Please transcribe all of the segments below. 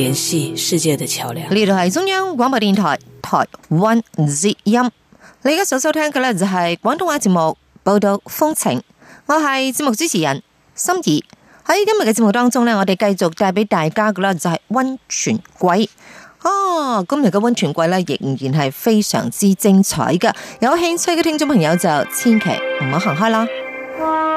聯繫世界的橋樑。呢度係中央廣播電台台灣之音，你而家所收聽嘅呢，就係廣東話節目《報道風情》，我係節目主持人心儀。喺今日嘅節目當中呢，我哋繼續帶俾大家嘅呢，就係溫泉季。哦、啊，今日嘅溫泉季呢，仍然係非常之精彩㗎，有興趣嘅聽眾朋友就千祈唔好行開啦。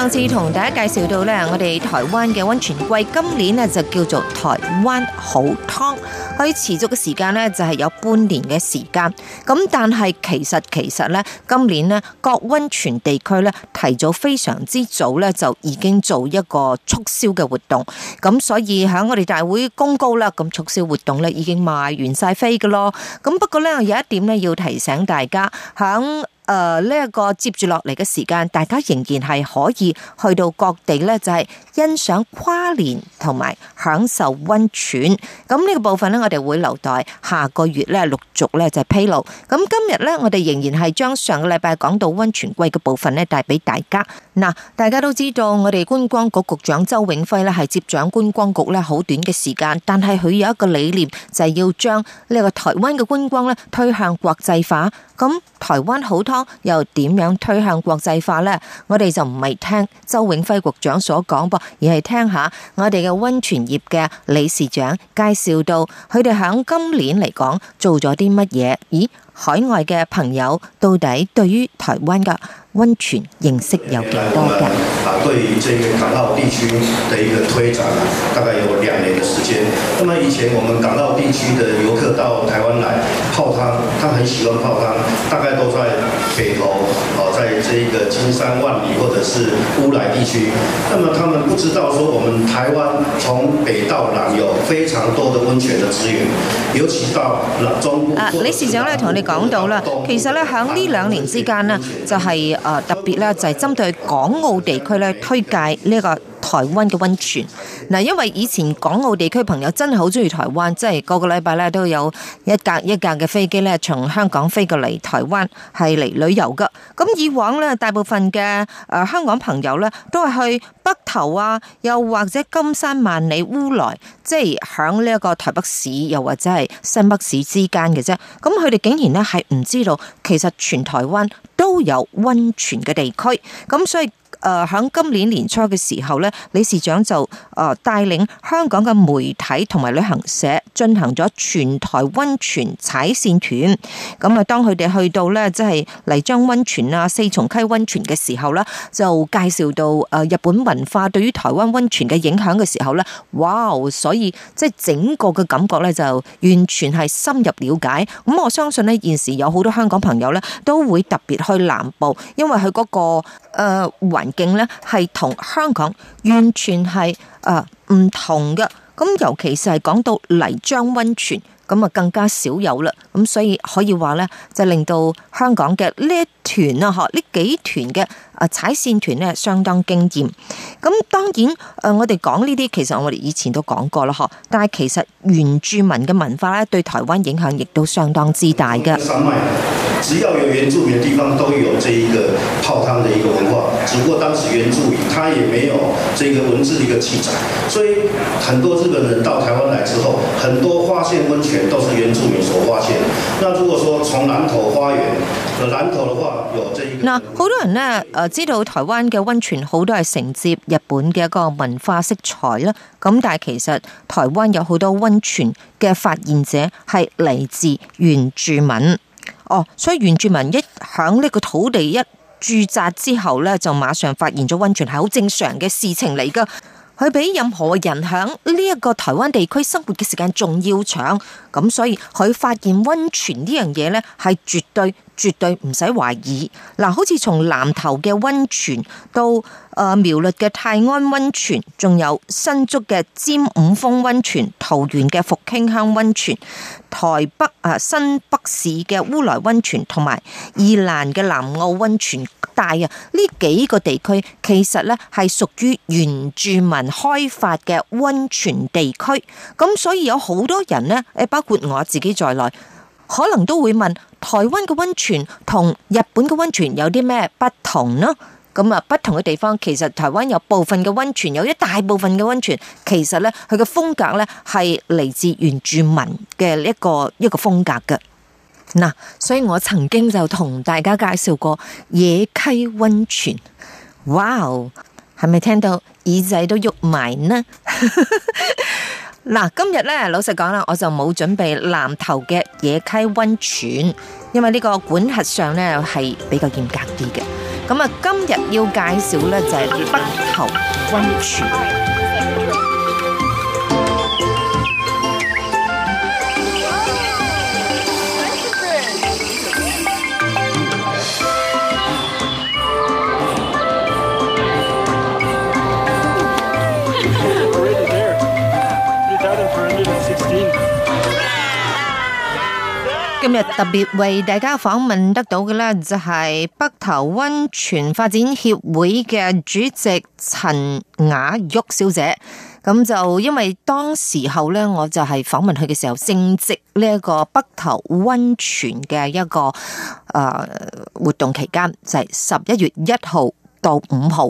上次同大家介紹到呢，我哋台灣嘅温泉季今年呢就叫做台灣好湯，可以持續嘅時間呢就係有半年嘅時間。咁但係其實其實呢，今年呢各温泉地區呢提早非常之早呢就已經做一個促銷嘅活動。咁所以喺我哋大會公告啦，咁促銷活動呢已經賣完晒飛噶咯。咁不過呢，有一點呢要提醒大家響。誒，呢一個接住落嚟嘅時間，大家仍然係可以去到各地呢就係欣賞跨年同埋享受温泉。咁呢個部分呢，我哋會留待下個月呢，陸續呢，就係披露。咁今日呢，我哋仍然係將上個禮拜講到温泉季嘅部分呢，帶俾大家。嗱，大家都知道我哋觀光局局長周永輝呢，係接掌觀光局呢好短嘅時間，但係佢有一個理念，就係要將呢個台灣嘅觀光呢，推向國際化。咁台灣好湯又點樣推向國際化呢？我哋就唔係聽周永輝局長所講噃，而係聽下我哋嘅温泉業嘅理事長介紹到佢哋響今年嚟講做咗啲乜嘢？咦？海外嘅朋友到底對於台灣嘅溫泉認識有幾多？啊，對於這個港澳地區的一個推展，大概有兩年的時間。咁啊，以前我們港澳地區的遊客到台灣來泡湯，他很喜歡泡湯，大概都在。北頭，哦，在這個個青山萬里或者是烏來地區。那麼他們不知道說我們台灣從北到南有非常多的温泉的資源，尤其到中南中。啊，李市長咧同你講到啦，其實咧響呢兩年之間呢，就係、是、誒、呃、特別咧就係、是、針對港澳地區咧推介呢、這個。台灣嘅温泉嗱，因為以前港澳地區朋友真係好中意台灣，即係個個禮拜咧都有一架一架嘅飛機咧從香港飛過嚟台灣係嚟旅遊噶。咁以往咧大部分嘅誒香港朋友咧都係去北投啊，又或者金山、萬里烏來，即係響呢一個台北市又或者係新北市之間嘅啫。咁佢哋竟然咧係唔知道，其實全台灣，都有溫泉嘅地區，咁所以誒響今年年初嘅時候咧，理事長就誒帶領香港嘅媒體同埋旅行社進行咗全台溫泉踩線團，咁啊，當佢哋去到咧，即係泥漿溫泉啊、四重溪溫泉嘅時候咧，就介紹到誒日本文化對於台灣溫泉嘅影響嘅時候咧，哇！所以即係整個嘅感覺咧，就完全係深入了解。咁我相信咧，現時有好多香港朋友咧，都會特別。去南部，因為佢、那、嗰個誒環、呃、境咧，係同香港完全係誒唔同嘅。咁尤其是係講到泥漿温泉，咁啊更加少有啦。咁所以可以話咧，就令到香港嘅呢一團啊，嗬，呢幾團嘅誒踩線團咧，相當驚艷。咁當然誒、呃，我哋講呢啲，其實我哋以前都講過啦，嗬。但係其實原住民嘅文化咧，對台灣影響亦都相當之大嘅。嗯只要有原住民的地方都有這一個泡湯的一個文化，只不過當時原住民他也沒有這個文字的一個記載，所以很多日本人到台灣來之後，很多發現溫泉都是原住民所發現。那如果說從南投花園，南投的話有這一個，嗱，好多人呢誒知道台灣嘅溫泉好多係承接日本嘅一個文化色彩啦，咁但係其實台灣有好多溫泉嘅發現者係嚟自原住民。哦，所以原住民一響呢個土地一駐紮之後咧，就馬上發現咗温泉係好正常嘅事情嚟噶。佢比任何人響呢一個台灣地區生活嘅時間仲要長，咁所以佢發現温泉呢樣嘢咧係絕對。絕對唔使懷疑嗱，好似從南投嘅溫泉到誒苗栗嘅泰安溫泉，仲有新竹嘅尖五峰溫泉、桃園嘅復興鄉溫泉、台北誒、啊、新北市嘅烏來溫泉，同埋宜蘭嘅南澳溫泉帶啊，呢幾個地區其實呢係屬於原住民開發嘅溫泉地區，咁所以有好多人呢，誒包括我自己在內，可能都會問。台灣嘅溫泉同日本嘅溫泉有啲咩不同呢？咁啊，不同嘅地方，其實台灣有部分嘅溫泉，有一大部分嘅溫泉，其實咧佢嘅風格咧係嚟自原住民嘅一個一個風格嘅。嗱，所以我曾經就同大家介紹過野溪溫泉。哇哦，係咪聽到耳仔都喐埋呢？ 嗱，今日咧老實講啦，我就冇準備南投嘅野溪溫泉，因為呢個管轄上咧係比較嚴格啲嘅。咁啊，今日要介紹咧就係北投溫泉。今日特別為大家訪問得到嘅，呢，就係北投溫泉發展協會嘅主席陳雅玉小姐。咁就因為當時候呢，我就係訪問佢嘅時候正值呢一個北投溫泉嘅一個誒活動期間，就係十一月一號到五號。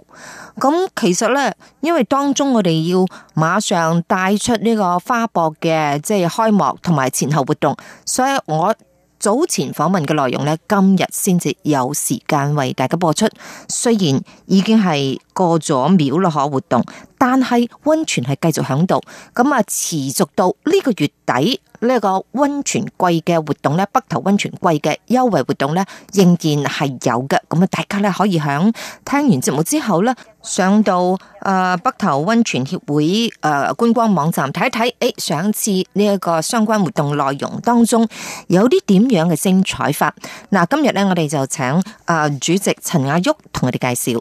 咁其實呢，因為當中我哋要馬上帶出呢個花博嘅，即係開幕同埋前後活動，所以我。早前訪問嘅內容呢，今日先至有時間為大家播出。雖然已經係過咗廟內河活動，但係溫泉係繼續響度，咁啊持續到呢個月底。呢一個溫泉季嘅活動呢，北投溫泉季嘅優惠活動呢仍然係有嘅。咁啊，大家呢，可以響聽完節目之後呢，上到誒北投溫泉協會誒觀光網站睇一睇，誒、哎、上次呢一個相關活動內容當中有啲點樣嘅精彩法。嗱，今日呢，我哋就請誒主席陳亞旭同我哋介紹。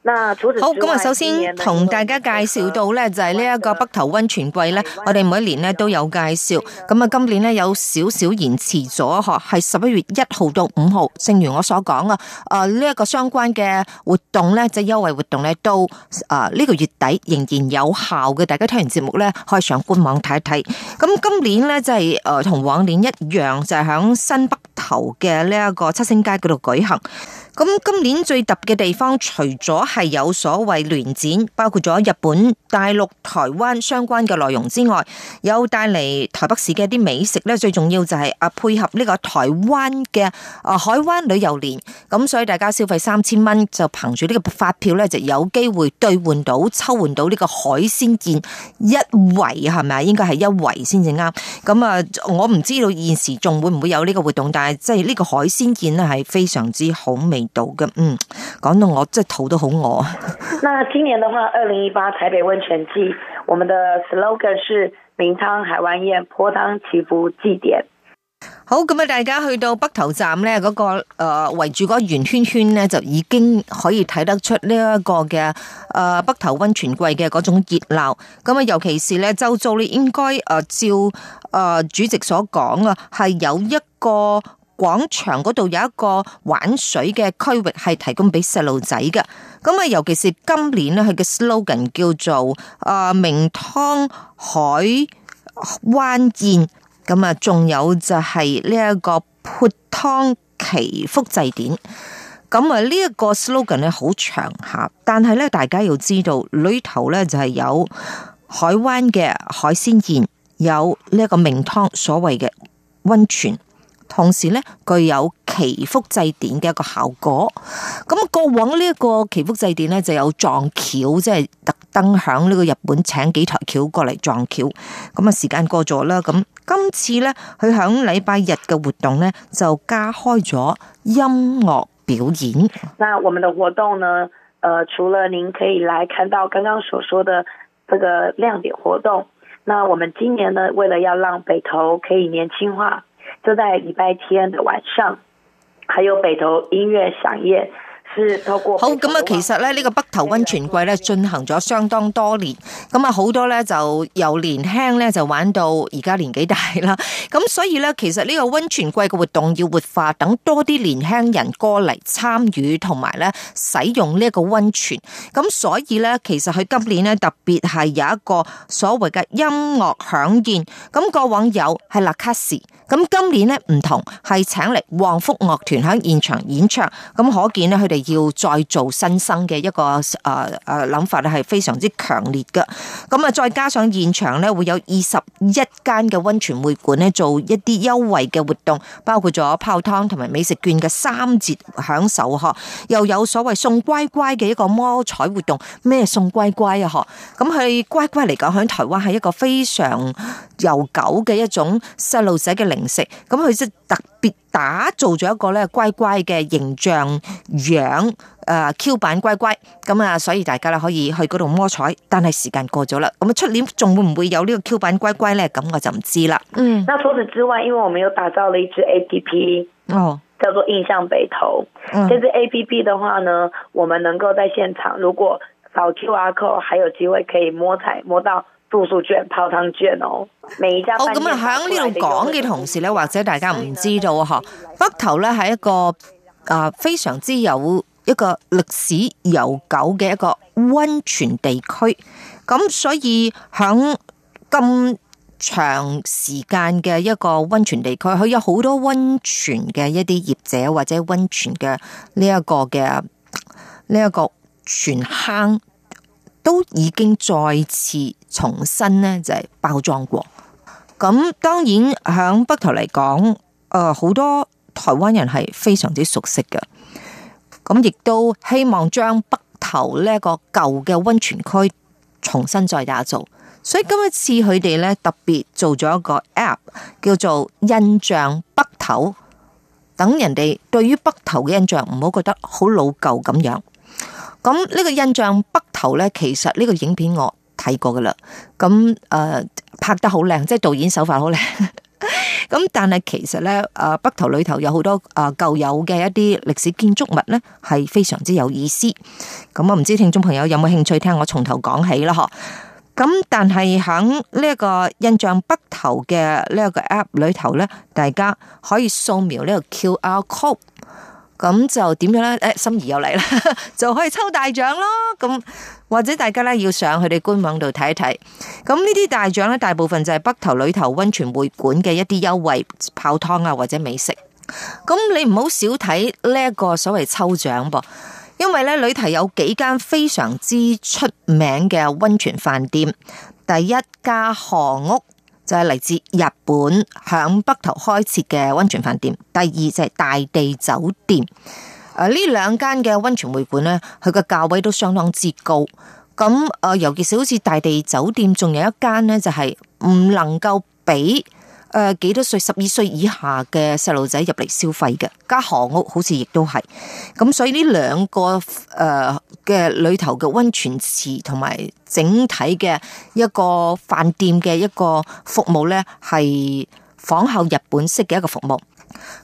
好咁啊！首先同大家介紹到咧，就係呢一個北投溫泉季咧，我哋每一年咧都有介紹。咁啊，今年咧有少少延遲咗，嗬，係十一月一號到五號。正如我所講啊，誒呢一個相關嘅活動咧，即係優惠活動咧，到誒呢個月底仍然有效嘅。大家聽完節目咧，可以上官網睇一睇。咁今年咧，就係誒同往年一樣，就係、是、喺新北投嘅呢一個七星街嗰度舉行。咁今年最特別嘅地方，除咗係有所謂聯展，包括咗日本、大陸、台灣相關嘅內容之外，又帶嚟台北市嘅一啲美食咧。最重要就係啊，配合呢個台灣嘅啊海灣旅遊年，咁所以大家消費三千蚊就憑住呢個發票咧，就有機會兌換到抽換到呢個海鮮券一圍，係咪啊？應該係一圍先至啱。咁啊，我唔知道現時仲會唔會有呢個活動，但係即係呢個海鮮券咧係非常之好味道嘅。嗯，講到我即係肚都好。我。 那今年的話，二零一八台北溫泉季，我們的 slogan 是名湯海灣宴，潑湯祈福祭典。好，咁啊，大家去到北投站呢，嗰、那個誒圍住嗰個圓圈圈呢，就已經可以睇得出呢一個嘅誒、呃、北投溫泉季嘅嗰種熱鬧。咁、嗯、啊，尤其是呢，周遭呢，應該誒照誒、呃、主席所講啊，係有一個，廣場嗰度有一個玩水嘅區域，係提供俾細路仔嘅。咁啊，尤其是今年咧，佢嘅 slogan 叫做啊明湯海灣宴，咁啊，仲有就係呢一個潑湯祈福祭典。咁啊，呢一個 slogan 咧好長合，但係咧，大家要知道裏頭咧就係有海灣嘅海鮮宴，有呢一個明湯所謂嘅溫泉。同時咧，具有祈福祭典嘅一個效果。咁過往呢一個祈福祭典咧，就有撞轎，即係特登響呢個日本請幾台轎過嚟撞轎。咁啊，時間過咗啦。咁今次咧，佢響禮拜日嘅活動咧，就加開咗音樂表演。那我們的活動呢，呃，除了您可以來看到剛剛所說的這個亮點活動，那我們今年呢，為了要讓北投可以年輕化。就在禮拜天的晚上，還有北投音樂饗宴。好咁啊，其實咧呢個北投溫泉季咧進行咗相當多年，咁啊好多咧就由年輕咧就玩到而家年紀大啦，咁所以咧其實呢個溫泉季嘅活動要活化，等多啲年輕人過嚟參與同埋咧使用呢一個溫泉，咁所以咧其實佢今年咧特別係有一個所謂嘅音樂響宴，咁過往有係那卡西，咁今年咧唔同係請嚟旺福樂團響現場演唱，咁可見咧佢哋要再做新生嘅一個誒誒諗法咧，係非常之強烈嘅，咁啊，再加上現場咧會有二十一間嘅溫泉會館咧，做一啲優惠嘅活動，包括咗泡湯同埋美食券嘅三折享受嗬，又有所謂送乖乖嘅一個摸彩活動，咩送乖乖啊？嗬，咁佢乖乖嚟講響台灣係一個非常悠久嘅一種細路仔嘅零食。咁佢即係特別打造咗一個咧乖乖嘅形象樣。等誒 Q 版乖乖咁啊，所以大家啦可以去嗰度摸彩，但係時間過咗啦，咁出年仲會唔會有呢個 Q 版乖乖咧？咁我就唔知啦、嗯哦。嗯，那除此之外，因為我們又打造了一支 A P P 哦，叫做印象北投。嗯，呢支 A P P 嘅話呢，我們能夠在現場，如果掃 Q R code，還有機會可以摸彩摸到住宿券、泡湯券哦。每一家，咁啊，喺呢度講嘅同時咧，或者大家唔知道嗬，北投咧係一個。啊，非常之有一個歷史悠久嘅一個温泉地區，咁所以響咁長時間嘅一個温泉地區，佢有好多温泉嘅一啲業者或者温泉嘅呢一個嘅呢一個泉坑都已經再次重新咧就係、是、包裝過，咁當然響北投嚟講，誒、呃、好多。台灣人係非常之熟悉嘅，咁亦都希望將北投呢個舊嘅温泉區重新再打造，所以今一次佢哋咧特別做咗一個 app，叫做《印象北投》，等人哋對於北投嘅印象唔好覺得好老舊咁樣。咁呢個《印象北投》呢，其實呢個影片我睇過噶啦，咁誒、呃、拍得好靚，即、就、係、是、導演手法好靚。 咁但係其實咧，誒北投裏頭有好多誒舊有嘅一啲歷史建築物咧，係非常之有意思。咁我唔知聽眾朋友有冇興趣聽我從頭講起啦，嗬、嗯？咁但係喺呢一個印象北投嘅呢一個 App 裏頭咧，大家可以掃描呢個 QR Code。咁就點樣呢？誒、哎，心儀又嚟啦，就可以抽大獎咯。咁或者大家咧要上佢哋官網度睇一睇。咁呢啲大獎咧，大部分就係北投裏頭温泉會館嘅一啲優惠泡湯啊，或者美食。咁你唔好少睇呢一個所謂抽獎噃，因為咧裏頭有幾間非常之出名嘅温泉飯店，第一家韓屋。就係嚟自日本響北投開設嘅温泉飯店，第二就係大地酒店。誒、啊，呢兩間嘅温泉會館呢，佢個價位都相當之高。咁、啊、誒，尤其是好似大地酒店，仲有一間呢，就係、是、唔能夠比。誒，幾多歲？十二歲以下嘅細路仔入嚟消費嘅，加賀屋好似亦都係，咁所以呢兩個誒嘅裏頭嘅溫泉池同埋整體嘅一個飯店嘅一個服務呢，係仿效日本式嘅一個服務。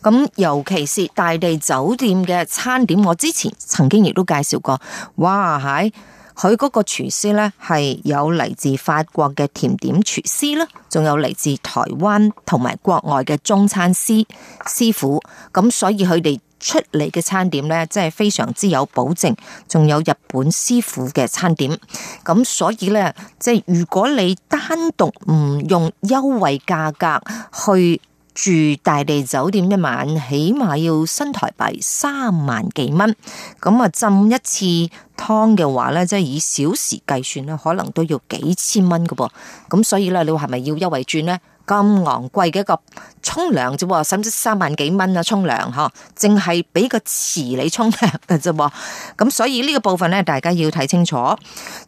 咁尤其是大地酒店嘅餐點，我之前曾經亦都介紹過，哇，係！佢嗰個廚師呢，係有嚟自法國嘅甜點廚師啦，仲有嚟自台灣同埋國外嘅中餐師師傅，咁所以佢哋出嚟嘅餐點呢，即係非常之有保證，仲有日本師傅嘅餐點，咁所以呢，即係如果你單獨唔用優惠價格去住大地酒店一晚，起碼要新台幣三萬幾蚊。咁啊，浸一次湯嘅話咧，即係以小時計算咧，可能都要幾千蚊噶噃。咁所以咧，你話係咪要優惠券咧？咁昂貴嘅一個沖涼啫，甚至三萬幾蚊啊！沖涼嗬，淨係俾個池你沖涼嘅啫。咁、嗯、所以呢個部分咧，大家要睇清楚。而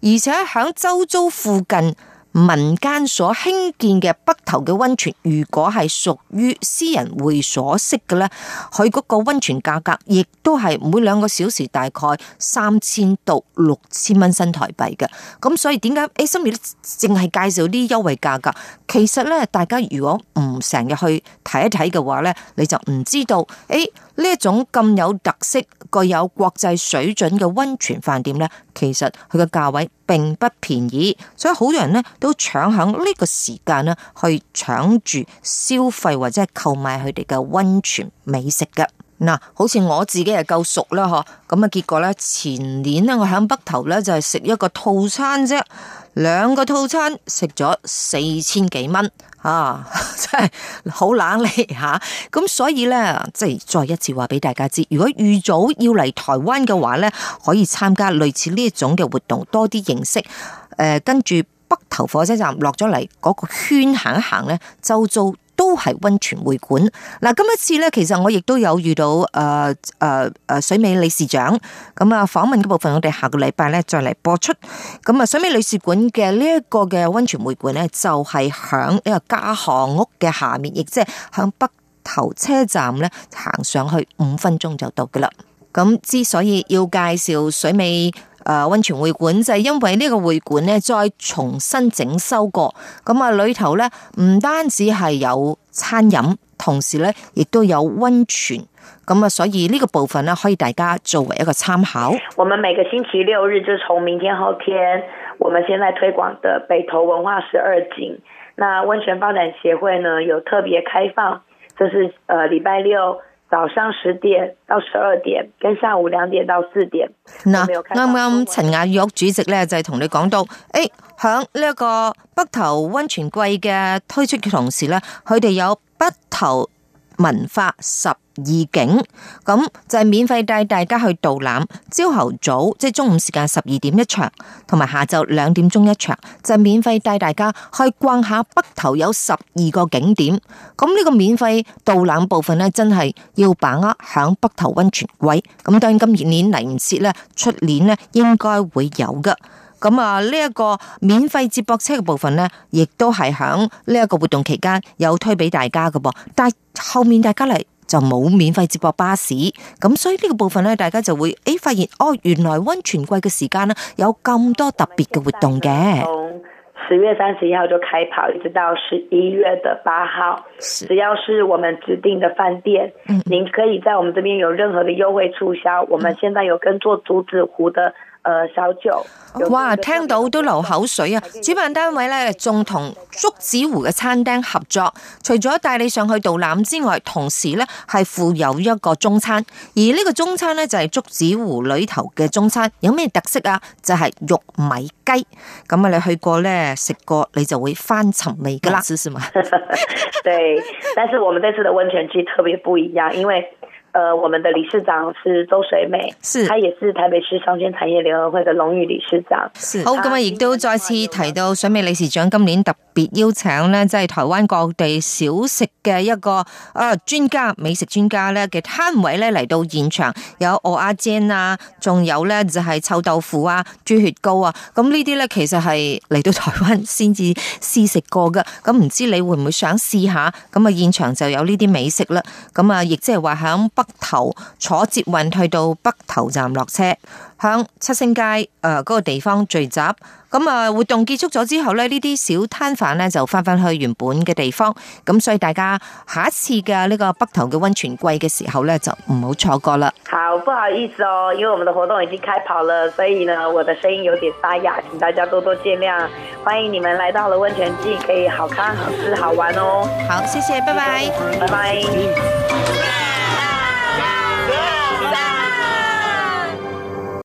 且響周遭附近。民間所興建嘅北投嘅溫泉，如果係屬於私人會所式嘅呢，佢嗰個溫泉價格亦都係每兩個小時大概三千到六千蚊新台幣嘅。咁所以點解？誒、欸，心裡淨係介紹啲優惠價格，其實呢，大家如果唔成日去睇一睇嘅話呢，你就唔知道誒。欸呢一種咁有特色、具有國際水準嘅温泉飯店咧，其實佢嘅價位並不便宜，所以好多人咧都搶喺呢個時間咧去搶住消費或者係購買佢哋嘅温泉美食嘅。嗱，好似我自己係夠熟啦，嗬，咁啊，結果咧，前年咧，我喺北投咧就係食一個套餐啫，兩個套餐食咗四千幾蚊，啊，真係好懶理吓，咁、啊、所以咧，即係再一次話俾大家知，如果預早要嚟台灣嘅話咧，可以參加類似呢一種嘅活動，多啲認識，誒、呃，跟住北投火車站落咗嚟嗰個圈行一行咧，周遭。都係、啊呃呃嗯嗯、溫泉會館嗱，今一次咧，其實我亦都有遇到誒誒誒水美理事長咁啊，訪問嘅部分我哋下個禮拜咧再嚟播出。咁啊，水美理事館嘅呢一個嘅溫泉會館咧，就係響呢個加賀屋嘅下面，亦即係響北投車站咧行上去五分鐘就到嘅啦。咁、嗯、之所以要介紹水美。誒，溫泉會館就係因為呢個會館呢，再重新整修過，咁啊裏頭呢，唔單止係有餐飲，同時呢，亦都有溫泉，咁啊所以呢個部分呢，可以大家作為一個參考。我們每個星期六日就從明天後天，我們現在推廣的北投文化十二景，那溫泉發展協會呢有特別開放，就是誒禮拜六。早上十點到十二點，跟下午兩點到四點。嗱、啊，啱啱陳雅玉主席咧就係、是、同你講到，誒、欸，喺呢一個北投溫泉季嘅推出嘅同時咧，佢哋有北投。文化十二景，咁就係免費帶大家去導覽。朝頭早即係、就是、中午時間十二點一場，同埋下晝兩點鐘一場，就是、免費帶大家去逛下北投有十二個景點。咁呢個免費導覽部分呢，真係要把握響北投温泉位。咁當然今年嚟唔切呢，出年呢應該會有噶。咁啊，呢一個免費接駁車嘅部分呢，亦都係喺呢一個活動期間有推俾大家嘅噃。但係後面大家嚟就冇免費接駁巴士，咁所以呢個部分呢，大家就會誒發現哦，原來溫泉季嘅時間呢，有咁多特別嘅活動嘅。從十月三十一號就開跑，一直到十一月嘅八號，是只要是我們指定嘅飯店，嗯、您可以在我們這邊有任何嘅優惠促銷。我們現在有跟做竹子湖的。誒，手鐲哇，聽到都流口水啊！主辦單位咧仲同竹子湖嘅餐廳合作，除咗帶你上去導覽之外，同時咧係附有一個中餐。而呢個中餐咧就係、是、竹子湖裏頭嘅中餐，有咩特色啊？就係、是、玉米雞。咁啊，你去過咧食過，你就會翻尋味噶啦，知嘛？對，但是我們這次的溫泉區特別不一樣，因為。呃，我們的理事長是周水美，是，她也是台北市商圈產業聯合會的榮譽理事長，是。好，咁啊，亦都再次提到水美理事長今年特別。邀請咧，即係台灣各地小食嘅一個誒專家、美食專家咧嘅攤位咧嚟到現場，有蚵仔煎啊，仲有咧就係臭豆腐啊、豬血糕啊，咁呢啲咧其實係嚟到台灣先至試食過噶，咁唔知你會唔會想試下？咁啊，現場就有呢啲美食啦，咁啊，亦即係話響北投坐捷運去到北投站落車。向七星街誒嗰個地方聚集，咁啊活動結束咗之後呢，呢啲小攤販呢就返返去原本嘅地方，咁所以大家下一次嘅呢個北投嘅溫泉季嘅時候呢，就唔好錯過啦。好，不好意思哦，因為我們的活動已經開跑了，所以呢我的聲音有點沙啞，請大家多多見諒。歡迎你們來到了溫泉季，可以好看、好吃、好玩哦。好，謝謝，拜拜，拜拜。